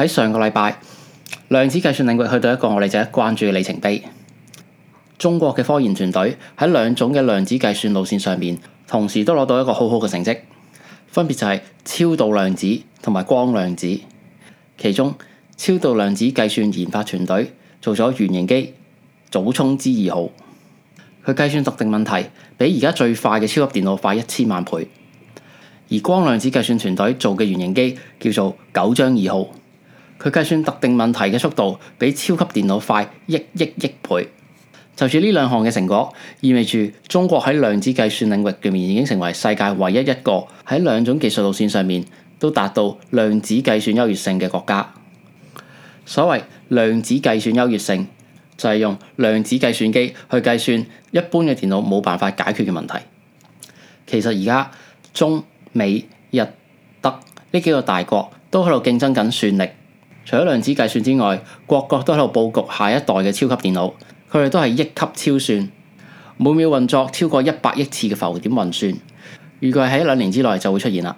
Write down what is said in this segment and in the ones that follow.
喺上個禮拜，量子計算領域去到一個我哋值得關注嘅里程碑。中國嘅科研團隊喺兩種嘅量子計算路線上面，同時都攞到一個好好嘅成績，分別就係超導量子同埋光量子。其中，超導量子計算研發團隊做咗原型機“祖沖之二號”，佢計算特定問題比而家最快嘅超級電腦快一千萬倍。而光量子計算團隊做嘅原型機叫做“九章二號”。佢計算特定問題嘅速度，比超級電腦快一億億倍。就住呢兩項嘅成果，意味住中國喺量子計算領域裏面已經成為世界唯一一個喺兩種技術路線上面都達到量子計算優越性嘅國家。所謂量子計算優越性，就係用量子計算機去計算一般嘅電腦冇辦法解決嘅問題。其實而家中美日德呢幾個大國都喺度競爭緊算力。除咗量子計算之外，各國都喺度布局下一代嘅超級電腦，佢哋都係億級超算，每秒運作超過一百億次嘅浮點運算，預計喺兩年之內就會出現啦。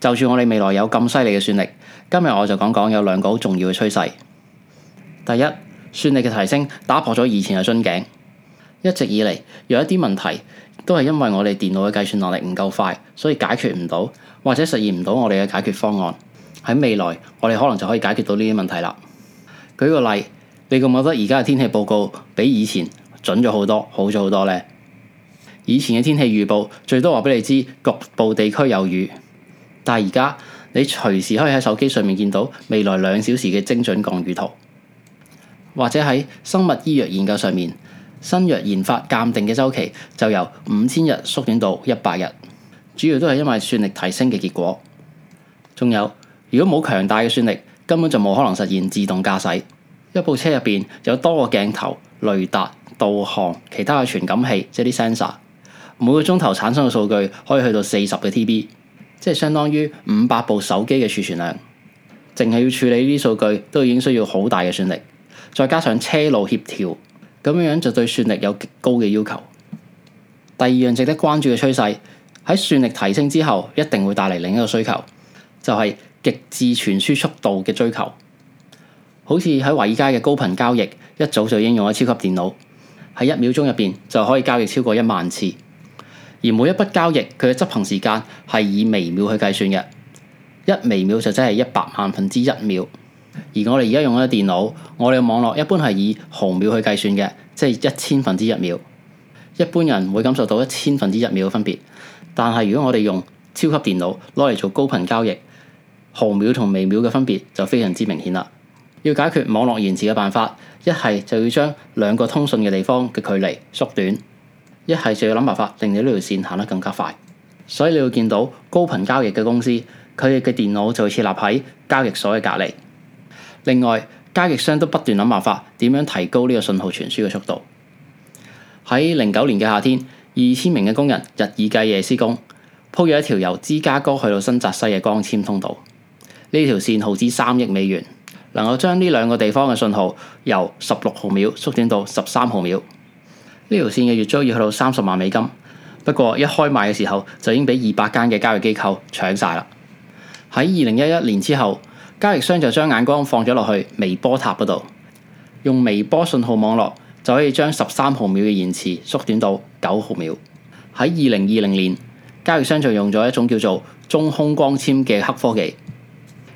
就算我哋未來有咁犀利嘅算力，今日我就講講有兩個好重要嘅趨勢。第一，算力嘅提升打破咗以前嘅樽頸，一直以嚟有一啲問題都係因為我哋電腦嘅計算能力唔夠快，所以解決唔到或者實現唔到我哋嘅解決方案。喺未來，我哋可能就可以解決到呢啲問題啦。舉個例，你覺唔覺得而家嘅天氣報告比以前準咗好多，好咗好多呢？以前嘅天氣預報最多話俾你知局部地區有雨，但係而家你隨時可以喺手機上面見到未來兩小時嘅精準降雨圖，或者喺生物醫藥研究上面，新藥研發鑑定嘅周期就由五千日縮短到一百日，主要都係因為算力提升嘅結果。仲有。如果冇強大嘅算力，根本就冇可能實現自動駕駛。一部車入邊有多個鏡頭、雷達、導航、其他嘅傳感器，即啲 sensor。每個鐘頭產生嘅數據可以去到四十嘅 TB，即係相當於五百部手機嘅儲存量。淨係要處理呢啲數據都已經需要好大嘅算力，再加上車路協調，咁樣樣就對算力有極高嘅要求。第二樣值得關注嘅趨勢，喺算力提升之後，一定會帶嚟另一個需求，就係、是。極致傳輸速度嘅追求，好似喺華爾街嘅高頻交易，一早就應用咗超級電腦，喺一秒鐘入邊就可以交易超過一萬次。而每一筆交易佢嘅執行時間係以微秒去計算嘅，一微秒就真係一百萬分之一秒。而我哋而家用嘅電腦，我哋嘅網絡一般係以毫秒去計算嘅，即係一千分之一秒。一般人會感受到一千分之一秒嘅分別，但係如果我哋用超級電腦攞嚟做高頻交易。毫秒同微秒嘅分別就非常之明顯啦。要解決網絡延遲嘅辦法，一係就要將兩個通訊嘅地方嘅距離縮短，一係就要諗辦法令到呢條線行得更加快。所以你會見到高頻交易嘅公司，佢哋嘅電腦就設立喺交易所嘅隔離。另外，交易商都不斷諗辦法點樣提高呢個信號傳輸嘅速度。喺零九年嘅夏天，二千名嘅工人日以繼夜施工，鋪咗一條由芝加哥去到新澤西嘅光纖通道。呢條線耗資三億美元，能夠將呢兩個地方嘅信號由十六毫秒縮短到十三毫秒。呢條線嘅月租要去到三十萬美金，不過一開賣嘅時候就已經俾二百間嘅交易機構搶晒啦。喺二零一一年之後，交易商就將眼光放咗落去微波塔嗰度，用微波信號網絡就可以將十三毫秒嘅延遲縮短到九毫秒。喺二零二零年，交易商就用咗一種叫做中空光纖嘅黑科技。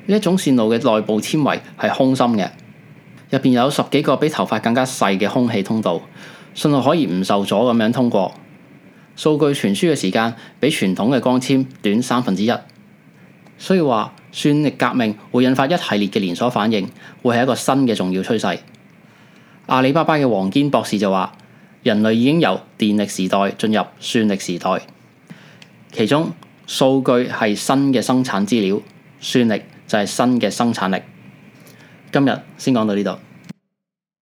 呢一種線路嘅內部纖維係空心嘅，入邊有十幾個比頭髮更加細嘅空氣通道，信號可以唔受阻咁樣通過。數據傳輸嘅時間比傳統嘅光纖短三分之一，所以話算力革命會引發一系列嘅連鎖反應，會係一個新嘅重要趨勢。阿里巴巴嘅王堅博士就話：人類已經由電力時代進入算力時代，其中數據係新嘅生產資料，算力，就係新嘅生產力。今日先講到呢度。